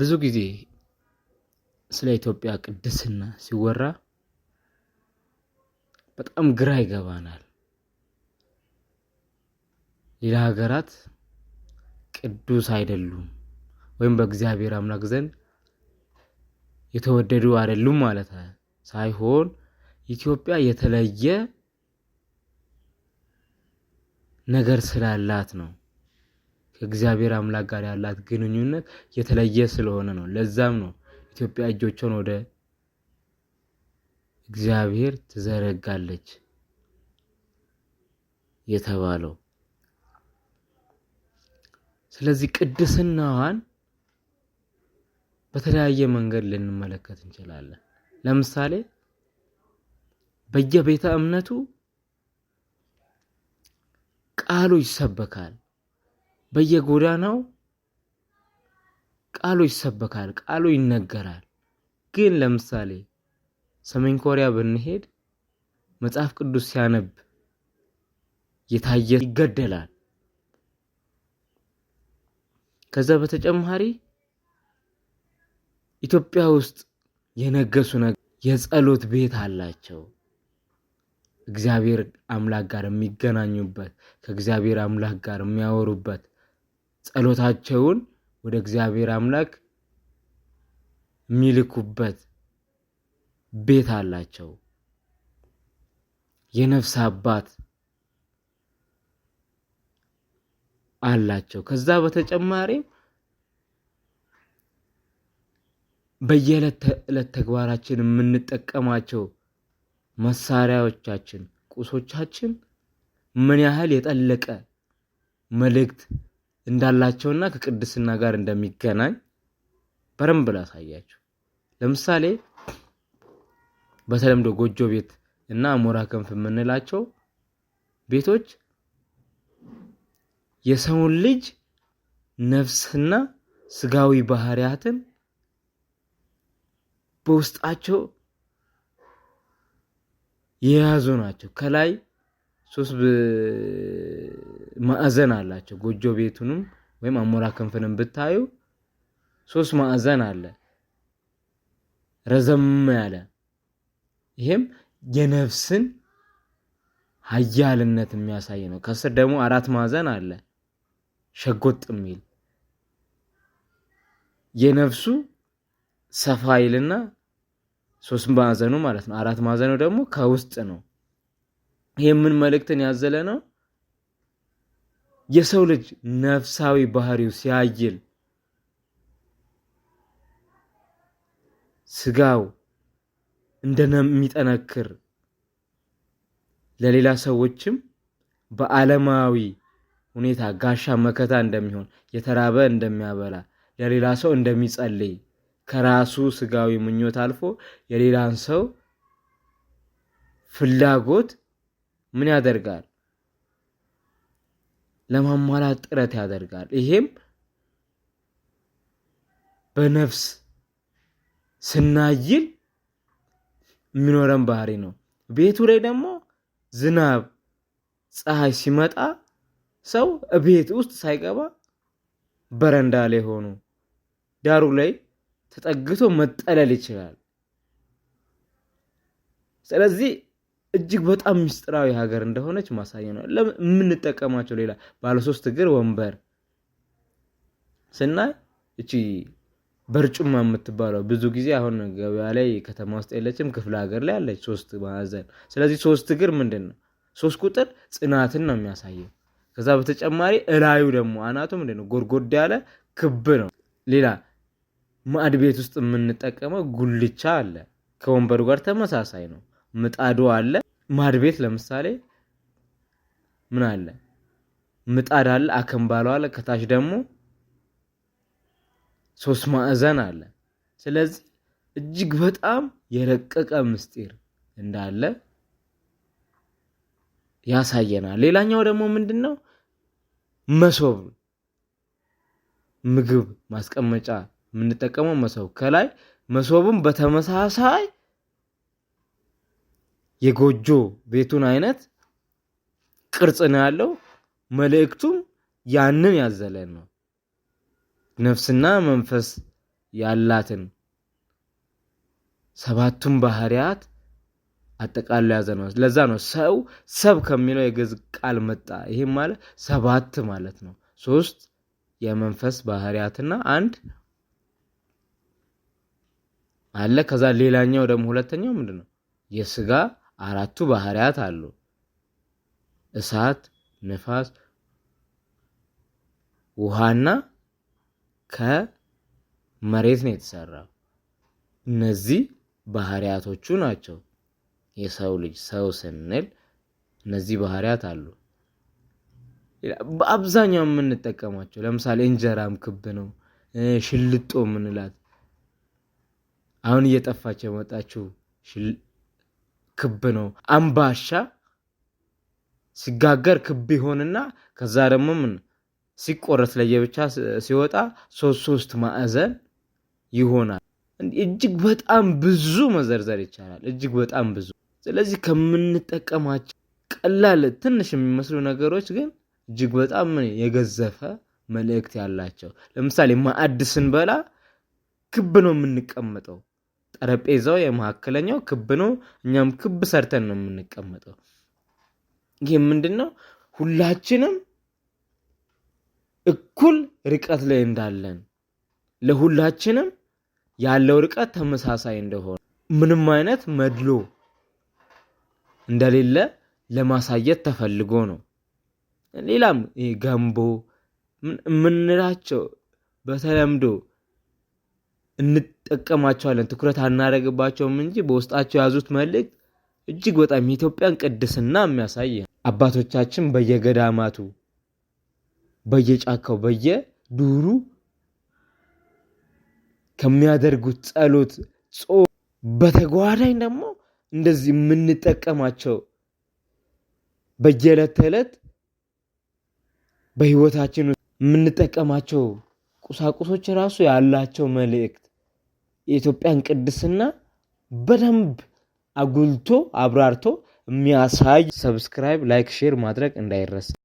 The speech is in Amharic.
ብዙ ጊዜ ስለ ኢትዮጵያ ቅድስና ሲወራ በጣም ግራ ይገባናል። ሌላ ሀገራት ቅዱስ አይደሉም ወይም በእግዚአብሔር አምላክ ዘንድ የተወደዱ አይደሉም ማለት ሳይሆን ኢትዮጵያ የተለየ ነገር ስላላት ነው። ከእግዚአብሔር አምላክ ጋር ያላት ግንኙነት የተለየ ስለሆነ ነው። ለዛም ነው ኢትዮጵያ እጆቿን ወደ እግዚአብሔር ትዘረጋለች የተባለው። ስለዚህ ቅድስናዋን በተለያየ መንገድ ልንመለከት እንችላለን። ለምሳሌ በየቤተ እምነቱ ቃሉ ይሰበካል። በየጎዳናው ቃሉ ይሰበካል፣ ቃሉ ይነገራል። ግን ለምሳሌ ሰሜን ኮሪያ ብንሄድ መጽሐፍ ቅዱስ ሲያነብ የታየ ይገደላል። ከዛ በተጨማሪ ኢትዮጵያ ውስጥ የነገሱ የጸሎት ቤት አላቸው። እግዚአብሔር አምላክ ጋር የሚገናኙበት ከእግዚአብሔር አምላክ ጋር የሚያወሩበት ጸሎታቸውን ወደ እግዚአብሔር አምላክ የሚልኩበት ቤት አላቸው። የነፍስ አባት አላቸው። ከዛ በተጨማሪም በየዕለት ተዕለት ተግባራችን የምንጠቀማቸው መሳሪያዎቻችን፣ ቁሶቻችን ምን ያህል የጠለቀ መልእክት እንዳላቸውና ከቅድስና ጋር እንደሚገናኝ በደንብ ላሳያቸው። ለምሳሌ በተለምዶ ጎጆ ቤት እና አሞራ ክንፍ የምንላቸው ቤቶች የሰውን ልጅ ነፍስና ስጋዊ ባህሪያትን በውስጣቸው የያዙ ናቸው። ከላይ ሶስት ማዕዘን አላቸው። ጎጆ ቤቱንም ወይም አሞራ ክንፍንም ብታዩ ሶስት ማዕዘን አለ፣ ረዘም ያለ ይሄም የነፍስን ኃያልነት የሚያሳይ ነው። ከስር ደግሞ አራት ማዕዘን አለ ሸጎጥ የሚል የነፍሱ ሰፋ ይልና ሶስት ማዕዘኑ ማለት ነው። አራት ማዕዘኑ ደግሞ ከውስጥ ነው። ይህ ምን መልእክትን ያዘለ ነው? የሰው ልጅ ነፍሳዊ ባህሪው ሲያይል ስጋው እንደሚጠነክር ለሌላ ሰዎችም በዓለማዊ ሁኔታ ጋሻ መከታ እንደሚሆን የተራበ እንደሚያበላ ለሌላ ሰው እንደሚጸልይ ከራሱ ስጋዊ ምኞት አልፎ የሌላን ሰው ፍላጎት ምን ያደርጋል? ለማሟላት ጥረት ያደርጋል። ይሄም በነፍስ ስናይል የሚኖረን ባህሪ ነው። ቤቱ ላይ ደግሞ ዝናብ፣ ፀሐይ ሲመጣ ሰው ቤት ውስጥ ሳይገባ በረንዳ ላይ ሆኖ ዳሩ ላይ ተጠግቶ መጠለል ይችላል። ስለዚህ እጅግ በጣም ምስጢራዊ ሀገር እንደሆነች ማሳያ ነው። የምንጠቀማቸው ሌላ ባለሶስት እግር ወንበር ስናይ እቺ በርጩማ የምትባለው ብዙ ጊዜ አሁን ገበያ ላይ ከተማ ውስጥ የለችም፣ ክፍለ ሀገር ላይ አለች። ሶስት ማዕዘን። ስለዚህ ሶስት እግር ምንድን ነው? ሶስት ቁጥር ጽናትን ነው የሚያሳየው። ከዛ በተጨማሪ እላዩ ደግሞ አናቱ ምንድን ነው? ጎድጎድ ያለ ክብ ነው። ሌላ ማዕድ ቤት ውስጥ የምንጠቀመው ጉልቻ አለ። ከወንበሩ ጋር ተመሳሳይ ነው። ምጣዱ አለ። ማድቤት ለምሳሌ ምን አለ? ምጣድ አለ፣ አከምባሎ አለ፣ ከታች ደግሞ ሶስት ማዕዘን አለ። ስለዚህ እጅግ በጣም የረቀቀ ምስጢር እንዳለ ያሳየናል። ሌላኛው ደግሞ ምንድን ነው? መሶብ ምግብ ማስቀመጫ የምንጠቀመው መሶብ ከላይ መሶብም በተመሳሳይ የጎጆ ቤቱን አይነት ቅርጽ ነው ያለው። መልእክቱም ያንን ያዘለን ነው። ነፍስና መንፈስ ያላትን ሰባቱን ባህሪያት አጠቃሎ ያዘ ነው። ለዛ ነው ሰው ሰብ ከሚለው የግዕዝ ቃል መጣ። ይህም ማለት ሰባት ማለት ነው። ሶስት የመንፈስ ባህሪያትና አንድ አለ። ከዛ ሌላኛው ደግሞ ሁለተኛው ምንድን ነው የስጋ አራቱ ባህሪያት አሉ። እሳት፣ ንፋስ፣ ውሃና ከመሬት ነው የተሰራው። እነዚህ ባህሪያቶቹ ናቸው። የሰው ልጅ ሰው ስንል እነዚህ ባህሪያት አሉ። በአብዛኛው የምንጠቀማቸው ለምሳሌ እንጀራም ክብ ነው። ሽልጦ የምንላት አሁን እየጠፋች የመጣችው ክብ ነው። አምባሻ ሲጋገር ክብ ይሆንና ከዛ ደግሞ ምን ሲቆረስ ለየብቻ ሲወጣ ሶስት ሶስት ማዕዘን ይሆናል። እጅግ በጣም ብዙ መዘርዘር ይቻላል። እጅግ በጣም ብዙ። ስለዚህ ከምንጠቀማቸው ቀላል ትንሽ የሚመስሉ ነገሮች ግን እጅግ በጣም የገዘፈ መልእክት ያላቸው። ለምሳሌ ማዕድ ስንበላ ክብ ነው የምንቀመጠው። ጠረጴዛው የመካከለኛው ክብ ነው። እኛም ክብ ሰርተን ነው የምንቀመጠው። ይህ ምንድን ነው? ሁላችንም እኩል ርቀት ላይ እንዳለን፣ ለሁላችንም ያለው ርቀት ተመሳሳይ እንደሆነ፣ ምንም አይነት መድሎ እንደሌለ ለማሳየት ተፈልጎ ነው። ሌላም ገንቦ የምንላቸው በተለምዶ እንጠቀማቸዋለን፣ ትኩረት አናደረግባቸውም እንጂ በውስጣቸው የያዙት መልእክት እጅግ በጣም የኢትዮጵያን ቅድስና የሚያሳይ አባቶቻችን በየገዳማቱ በየጫካው በየዱሩ ከሚያደርጉት ጸሎት ጾ በተጓዳኝ ደግሞ እንደዚህ የምንጠቀማቸው በየዕለት ተዕለት በህይወታችን የምንጠቀማቸው ቁሳቁሶች ራሱ ያላቸው መልእክት የኢትዮጵያን ቅድስና በደንብ አጉልቶ አብራርቶ የሚያሳይ ሰብስክራይብ፣ ላይክ፣ ሼር ማድረግ እንዳይረሳ።